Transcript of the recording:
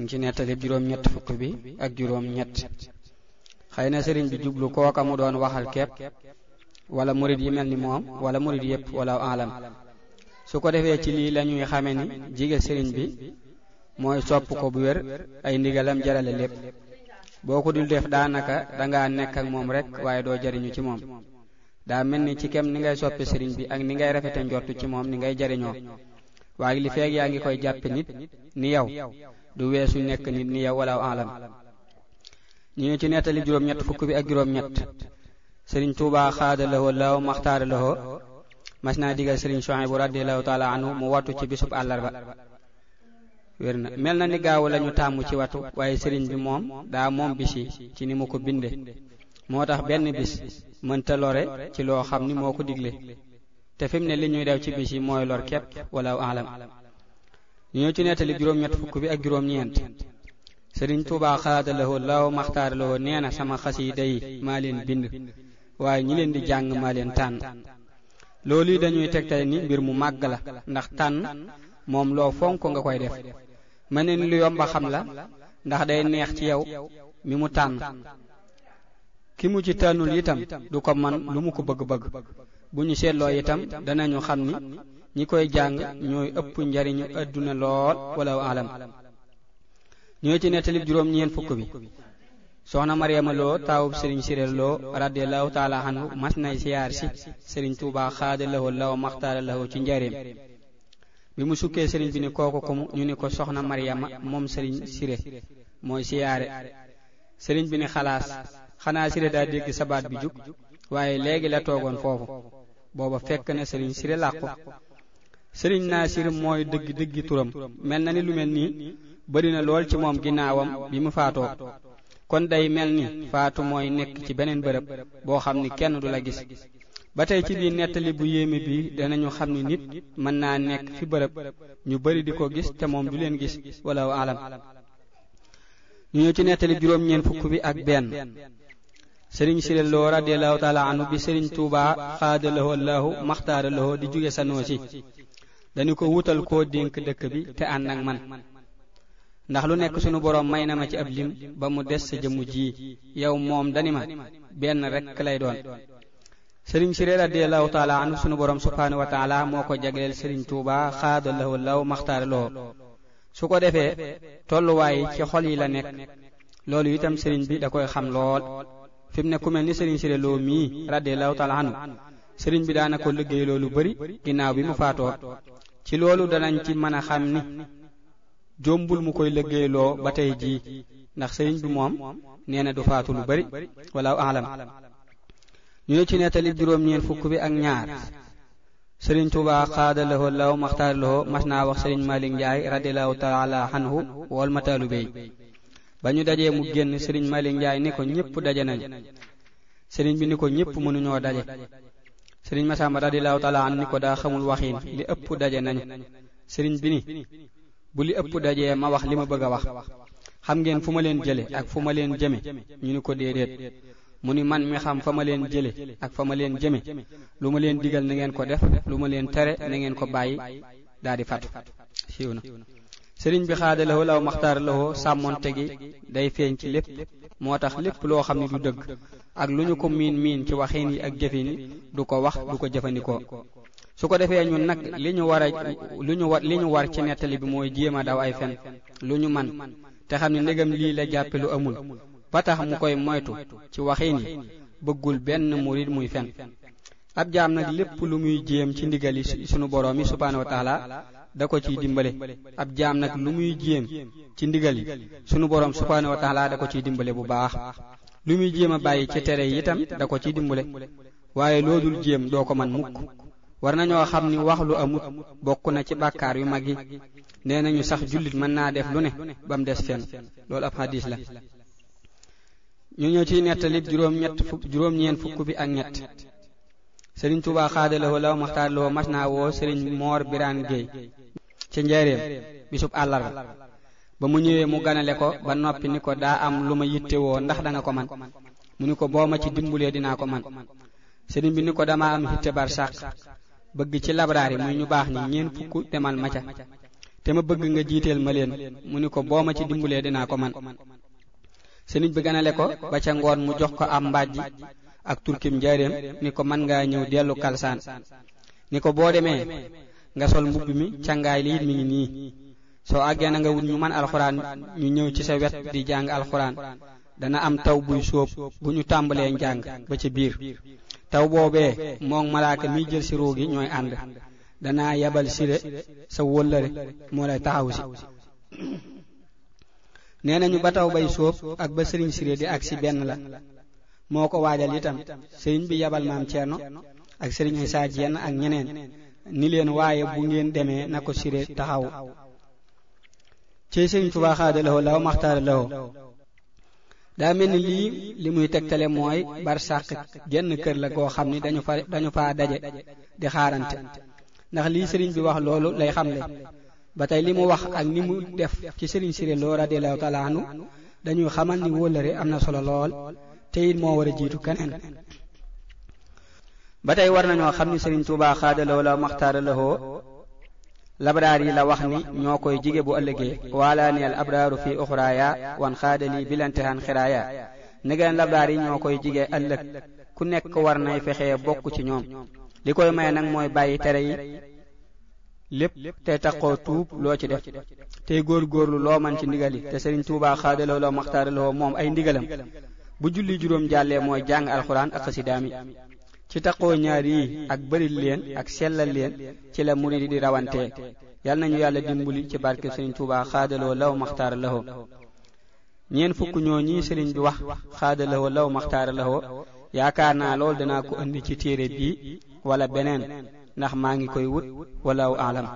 ñu ci nettali juróom-ñett fukk bi ak juróom-ñett xëy na sëriñ bi jublu kooka mu doon waxal képp wala murid yi mel ni moom wala murid yépp wala alam su ko defee ci lii la ñuy xame ni jige sëriñ bi mooy sopp ko bu wér ay ndigalam jarale lépp boo ko dul def daanaka dangaa nekk ak moom rek waaye doo jariñu ci moom daa mel ni ci kem ni ngay soppi sëriñ bi ak ni ngay rafete njortu ci moom ni ngay jariñoo waaye li feeg yaa ngi koy jàppe nit ni yow du weesu nekk nit ni yow wala alam ñu ngi ci nettali juróom-ñett fukk bi ak juróom-ñett sëriñ Tuubaa xaada lahoo laaw maxtaara lahoo mas naa digal sëriñ Suhaybu radiyallahu taala anhu mu wattu ci bisub àllarba na mel na ni gaaw lañu tàmm ci wattu waaye sëriñ bi moom daa moom bisi ci ni mu ko binde moo tax benn bis mënta lore ci loo xam ni moo ko digle te fi mu ne li ñuy daw ci bis yi mooy lor képp wala alam ñoo ci nettali juróom-ñett fukk bi ak juróom-ñeent Sëriñ Tuubaa xalaata lahoo law maxtaar lahoo nee na sama xasida yi ma leen bind waaye ñi leen di jàng maa leen tànn loolu dañuy tegtal ni mbir mu màgg la ndax tànn moom loo fonk nga koy def ma neen lu yomba xam la ndax day neex ci yow mi mu tànn ki mu ci tànnul itam du ko man lu mu ko bëgg-bëgg bu ñu seetloo itam danañu xam ni ñi koy jàng ñooy ëpp njariñu adduna lool wala alam ñoo ci nettalib juróom ñeent fukk bi soxna Mariama Lo taawub Serigne Sirel Lo radiyallahu taala anhu mas nay siyaar si Serigne Touba xaadalawo law maxtaara lawo ci njareem bi mu sukkee Serigne bi ni kooku kumu ñu ni ko soxna Mariama moom Serigne Siré mooy siyaare Serigne bi ni xalaas xanaa Siré daa dégg sabaat bi jug waaye léegi la toogoon foofu booba fekk na sëriñ sire làqu sëriñ naa naasir mooy dëgg dëggi turam mel na ni lu mel nii bari na lool ci moom ginnaawam bi mu faatoo kon day mel ni faatu mooy nekk ci beneen bërëb boo xam ni kenn du la gis ba tey ci biir nettali bu yéeme bi danañu xam ni nit mën naa nekk fi bërëb ñu bari di ko gis te moom du leen gis wala alam ñu ñëw ci nettali juróom ñeent fukk bi ak benn sëriñ si loo radiallahu taala anhu bi sëriñ tuubaa xaadalahoo allahu maxtaaralahoo di jóge sa si dañu ko wutal koo dénk dëkk bi te ànd ak man ndax lu nekk sunu boroom may na ma ci ab lim ba mu des sa jëmmu ji yow moom dani ma benn rekk lay doon sëriñ si radiallahu taala anhu sunu boroom subhaanahu moo ko jagleel sëriñ tuubaa xaadalahoo allahu maxtaaralahoo su ko defee tolluwaay ci xol yi la nekk loolu itam sëriñ bi da koy xam lool fi mu ne ku mel ni Serigne Siré Lo mii radiyallahu ta'ala anhu Serigne bi daana ko liggéey loolu bari ginnaaw bi mu faatoo ci loolu danañ ci mën a xam ni jombul mu koy liggéeyloo ba tey jii ndax Serigne bi moom nee na du faatu lu bari walaaw alam ñu ne ci nettali juróom-ñeent fukk bi ak ñaar Serigne Touba xaadalahoo law maxtaarlahoo mas naa wax Serigne Malick Ndiaye radiyallahu ta'ala anhu wol mataalu ba ñu dajee mu génn sëriñ Mali Njaay ni ko ñëpp daje nañu sëriñ bi ni ko ñëpp mënuñoo daje sëriñ ma Masamba radiyallahu taala an ni ko daa xamul waxiin li ëpp daje nañu sëriñ bi ni bu li ëpp dajee ma wax li ma bëgg a wax xam ngeen fu ma leen jële ak fu ma leen jëme ñu ni ko déedéet mu ni man mi xam fa ma leen jële ak fa ma leen jëme lu ma leen digal na ngeen ko def lu ma leen tere na ngeen ko bàyyi daal di fatu siiw na sëriñ bi xaada lawo law maxtaar lawoo sàmmonte gi day feeñ ci lépp moo tax lépp loo xam ne du dëgg ak lu ñu ko miin miin ci waxin yi ak jëfin yi du ko wax du ko jëfandikoo su ko defee ñun nag li ñu war a lu ñu war li ñu ci nettali bi mooy jéema a daw ay fen lu ñu man te xam ne ndegam lii la jàppe lu amul ba tax mu koy moytu ci waxin yi bëggul benn murid muy fen ab jaam nag lépp lu muy jéem ci ndigali sunu borom yi da ko ci dimbale ab jaam nag lu muy jéem ci ndigal yi sunu borom subhaanahu wa ko ciy dimbale bu baax lu muy jéem a bàyyi ci tere yi itam da ko ciy dimbale waaye loo dul jéem doo ko man mukk war nañoo xam ni wax lu amut bokk na ci bàkkaar yu mag yi nee nañu sax jullit mën naa def lu ne ba mu des fenn loolu ab hadis la ñu ñëw ciy nettalib juróom ñett fukk juróom ñeen fukk bi ak ñett sëriñ Tuubaa xaadalawoo law maxtaarlawoo mas naa woo sëriñ Moor Biraan Géey ca njaareem bisub àllarba ba mu ñëwee mu ganale ko ba noppi ni ko daa am lu ma yittewoo ndax da nga ko man mu ni ko boo ma ci dimbulee dinaa ko man sëriñ bi ni ko dama am hitte bar sàq bëgg ci labraar yi muy ñu baax ñi ñeen fukk demal ma ca te ma bëgg nga jiiteel ma leen mu ni ko boo ma ci dimbulee dinaa ko man sëriñ bi ganale ko ba ca ngoon mu jox ko am mbàjji ak turkim njaareem ni ko man ngaa ñëw dellu kalsaan ni ko boo demee nga sol mbubb mi cangaay li mi ngi nii soo àggee na nga wut ñu man alxuraan ñu ñëw ci sa wet di jàng alxuraan dana am taw buy sóob bu ñu tàmbalee njàng ba ci biir taw boobee moom malaaka miy jël si ruu gi ñooy ànd danaa yabal sile sa wóllëre moo lay taxaw si nee nañu ba taw bay sóob ak ba sëriñ siré di ak si benn la moo ko waajal itam sëriñ bi yabal maam Ceerno ak sëriñ Isaa Jeen ak ñeneen ni leen waaye bu ngeen demee na ko siré taxaw cey sëriñ Tuubaa xaada lawo law maxtaara lawo daa mel ni lii li muy tegtale mooy barsàq genn kër la goo xam ni dañu fa dañu faa daje di xaarante ndax lii sëriñ bi wax loolu lay xam xamle ba tey li mu wax ak ni mu def ci sëriñ Siré Lo radiyallahu taala anhu dañuy xamal ni wóllëre am na solo lool te it moo wara jiitu keneen ba tey war nañoo xam ni Serigne Touba xaadaloo la maxtaara lahoo labraar yi la wax ni ñoo koy jige bu ëllëgee waalaaniyal abraaru fi uxraaya wan xaadali bilantihaan xiraaya negeen labraar yi ñoo koy jige ëllëg ku nekk war nay fexe bokk ci ñoom li koy maye nag mooy bàyyi tere yi lépp tey taxoo tuub loo ci def tey góorgóorlu loo man ci ndigal yi te Serigne Touba xaadaloo la maxtaara lahoo moom ay ndigalam bu julli juróom jàllee mooy jàng alxuraan ak xasidaam yi ci taqoo ñaar yi ak bëri leen ak sellal leen ci la murid di rawante na nañu yàlla dimbali ci barke sëriñ Tuubaa xaadaloo law maxtaara lahoo ñeen fukk ñoo ñii sëriñ bi wax xaadaloo law maxtaara lahoo yaakaar naa lool danaa ko indi ci téere bii wala beneen ndax maa ngi koy wut walaw alam